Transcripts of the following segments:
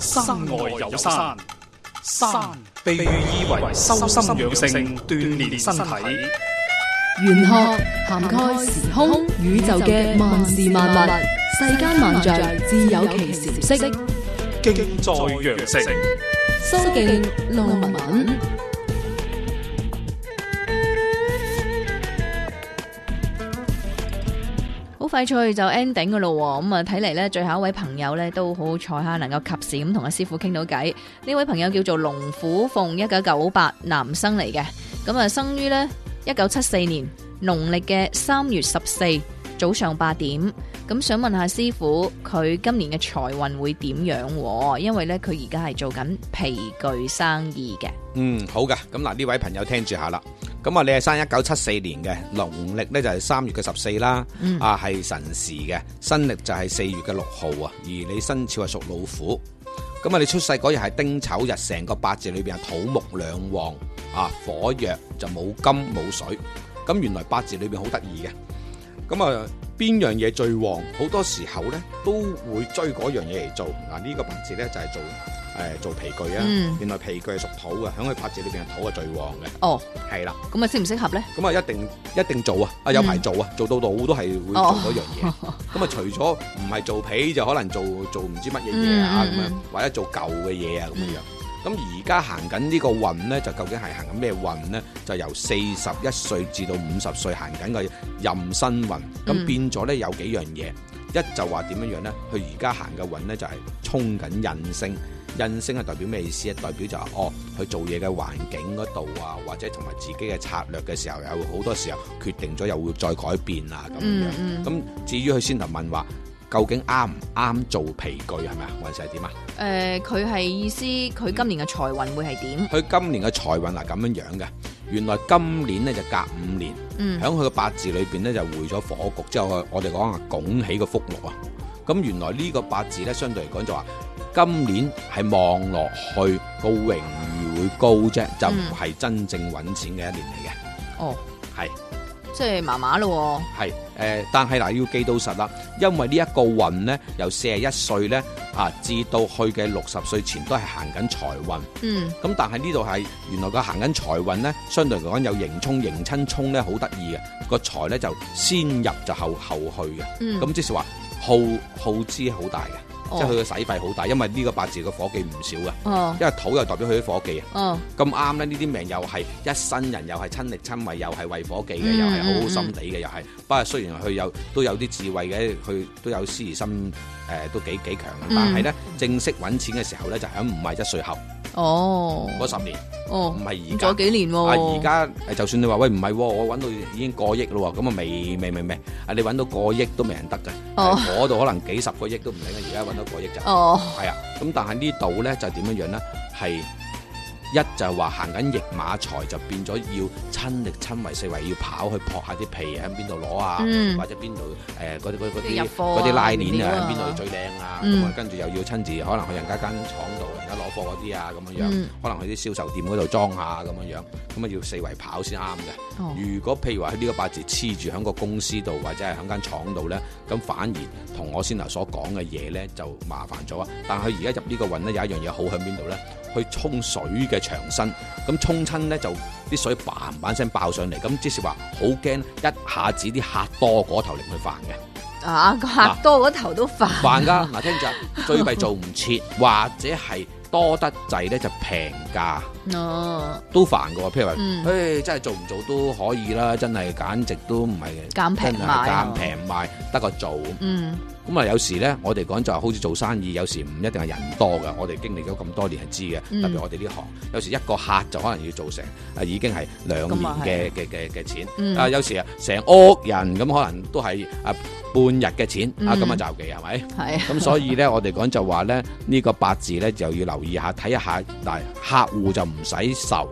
山外有山，山被寓意為修心養性、鍛煉身體。玄學涵蓋時空宇宙嘅萬事萬物，世間萬象自有其玄機。敬在羊城，蘇敬論文。快脆就 ending 嘅咯，咁啊睇嚟，呢最後一位朋友呢，都好好彩下，能夠及時咁同阿師傅傾到偈。呢位朋友叫做龍虎鳳，一九九八男生嚟嘅，咁啊生於呢一九七四年農曆嘅三月十四早上八點，咁想問下師傅佢今年嘅財運會點樣？因為呢，佢而家係做緊皮具生意嘅。嗯，好㗎，咁嗱呢位朋友聽住下啦。咁啊，你係生一九七四年嘅，農曆咧就係三月嘅十四啦，啊係辰時嘅，新曆就係四月嘅六號啊，而你生肖係屬老虎，咁啊你出世嗰日係丁丑日，成個八字裏邊係土木兩旺，啊火弱就冇金冇水，咁原來八字裏邊好得意嘅，咁啊。邊樣嘢最旺？好多時候咧都會追嗰樣嘢嚟做。嗱、啊這個、呢個八字咧就係、是、做誒、呃、做皮具啊。嗯、原來皮具係屬土嘅，喺佢八字裏面嘅土係最旺嘅。哦，係啦了。咁啊、嗯，適唔適合咧？咁啊，一定一定做啊！啊、嗯，有排做啊，做到老都係會做嗰樣嘢。咁啊、哦， 除咗唔係做皮，就可能做做唔知乜嘢嘢啊咁啊，嗯、或者做舊嘅嘢啊咁嘅樣。嗯咁而家行緊呢個運呢，就究竟係行緊咩運呢？就由四十一歲至到五十歲行緊嘅壬申運。咁變咗呢，有幾樣嘢，一就話點樣樣呢？佢而家行嘅運呢，就係、是、沖緊印星，印星係代表咩意思啊？代表就係哦，佢做嘢嘅環境嗰度啊，或者同埋自己嘅策略嘅時候，有好多時候決定咗又會再改變啊咁樣。咁、嗯嗯、至於佢先頭問話。究竟啱唔啱做皮具係咪啊？運勢係點啊？誒，佢係、呃、意思佢今年嘅財運會係點？佢、嗯、今年嘅財運係咁樣樣嘅，原來今年咧就隔五年，喺佢嘅八字裏邊咧就回咗火局之後，我哋講下，拱起個福祿啊，咁原來呢個八字咧相對嚟講就話，今年係望落去個榮譽會高啫，就唔係真正揾錢嘅一年嚟嘅。哦、嗯，係。即係麻麻咯，係誒、呃，但係嗱要記到實啦，因為呢一個運咧由四十一歲咧啊至到去嘅六十歲前都係行緊財運，嗯，咁但係呢度係原來佢行緊財運咧，相對嚟講有迎沖迎親沖咧，好得意嘅個財咧就先入就後後去嘅，咁、嗯、即係話耗耗資好大嘅。即係佢個使費好大，因為呢個八字個夥計唔少啊。Oh. 因為土又代表佢啲夥計啊。咁啱咧，呢啲命又係一生人，又係親力親為，又係為夥計嘅，mm. 又係好好心地嘅，又係。不過雖然佢有都有啲智慧嘅，佢都有私心，誒、呃、都幾幾強。但係咧，mm. 正式揾錢嘅時候咧，就喺五十一歲後。哦，嗰、oh, 十年，哦、oh,，唔係而家幾年喎？啊，而家、啊、就算你話喂唔係，我搵到已經過億咯，咁啊未未未未，啊你搵到過億都未人得嘅，哦、oh. 啊，嗰度可能幾十個億都唔定啊，而家搵到過億、oh. 就是，哦，係啊，咁但係呢度咧就點樣樣咧，係。一就係話行緊驛馬財，就變咗要親力親為，四圍要跑去撲下啲皮喺邊度攞啊，或者邊度誒嗰啲啲啲拉鏈啊，喺邊度最靚啊？咁啊，跟住、嗯、又要親自可能去人家間廠度，人家攞貨嗰啲啊，咁樣樣，嗯、可能去啲銷售店嗰度裝下咁樣樣，咁啊要四圍跑先啱嘅。哦、如果譬如話喺呢個八字黐住喺個公司度或者係喺間廠度咧，咁反而同我先頭所講嘅嘢咧就麻煩咗啊。但佢而家入呢個運咧有一樣嘢好喺邊度咧？去沖水嘅牆身，咁沖親咧就啲水嘭嘭聲爆上嚟，咁即是話好驚，一下子啲客多嗰頭嚟去煩嘅，啊個客多嗰頭都煩，啊、煩㗎，嗱、啊、聽住最弊做唔切， 或者係多得滯咧就平價。哦，都煩嘅喎，譬如話，誒、mm. 哎，真係做唔做都可以啦，真係簡直都唔係減平減平賣得個做。咁啊，有時咧，我哋講就好似做生意，有時唔一定係人多嘅。我哋經歷咗咁多年係知嘅，mm. 特別我哋呢行，有時一個客就可能要做成啊，已經係兩年嘅嘅嘅嘅錢。啊，mm. 有時啊，成屋人咁可能都係啊半日嘅錢啊咁啊就嘅，係咪？係、mm.。咁 所以咧，我哋講就話咧，呢個八字咧就要留意下，睇一下，看看但係客戶就。 唔使愁，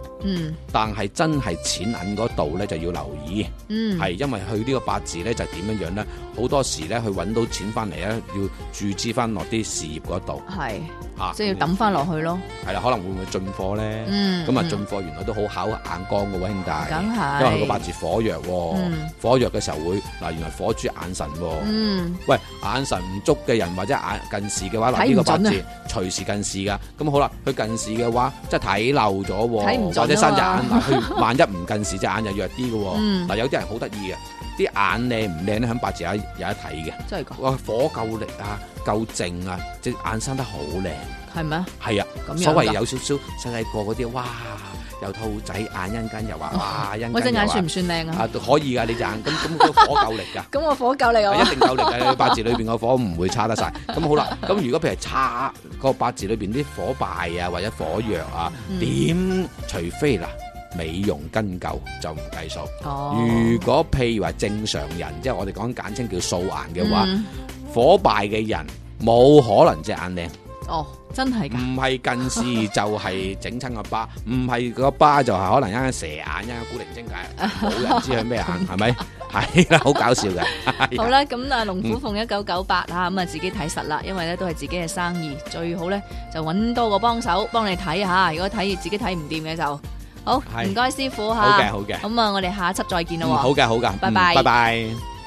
但係真係錢銀嗰度咧就要留意。係因為佢呢個八字咧就點樣樣咧？好多時咧佢揾到錢翻嚟咧要注資翻落啲事業嗰度，係啊，即係要抌翻落去咯，係啦，可能會唔會進貨咧？咁啊進貨原來都好考眼光嘅喎，兄弟，梗係，因為佢個八字火弱，火弱嘅時候會嗱，原來火主眼神，嗯，喂，眼神唔足嘅人或者眼近視嘅話，嗱呢個八字隨時近視噶，咁好啦，佢近視嘅話即係睇舊咗或者生隻眼，嗱，佢 萬一唔近視隻眼就弱啲嘅喎，嗱 有啲人好得意嘅。啲眼靚唔靚咧，響八字有一有得睇嘅，真係講，個火夠力啊，夠靜啊，隻眼生得好靚，係咩嗎？係啊，這樣 所謂有少少細細個嗰啲，哇，又兔仔眼陰間又話，哇陰間、哦，我隻眼算唔算靚啊？可以噶、啊、你隻眼，咁咁火夠力噶、啊，咁 我火夠力、啊、 一定夠力嘅八字裏邊個火唔會差得晒，咁 好啦，咁如果譬如差個八字裏邊啲火敗啊，或者火弱啊，點？ 除非嗱。美容根究就唔計數。哦，如果譬如話正常人，即係我哋講簡稱叫素顏嘅話，火敗嘅人冇可能隻眼靚。哦，真係㗎？唔係近視就係整親個疤，唔係個疤就係可能一陣蛇眼，一陣古靈精怪，唔好嘅，唔知係咩眼，係咪？係啦，好搞笑嘅。好啦，咁啊，龍虎鳳一九九八啊，咁啊自己睇實啦，因為咧都係自己嘅生意，最好咧就揾多個幫手幫你睇下。如果睇自己睇唔掂嘅就。好，唔該師傅吓。好嘅，嗯，好嘅。咁啊，我哋下一輯再見啦。好嘅，好嘅 bye，拜拜，嗯，拜拜。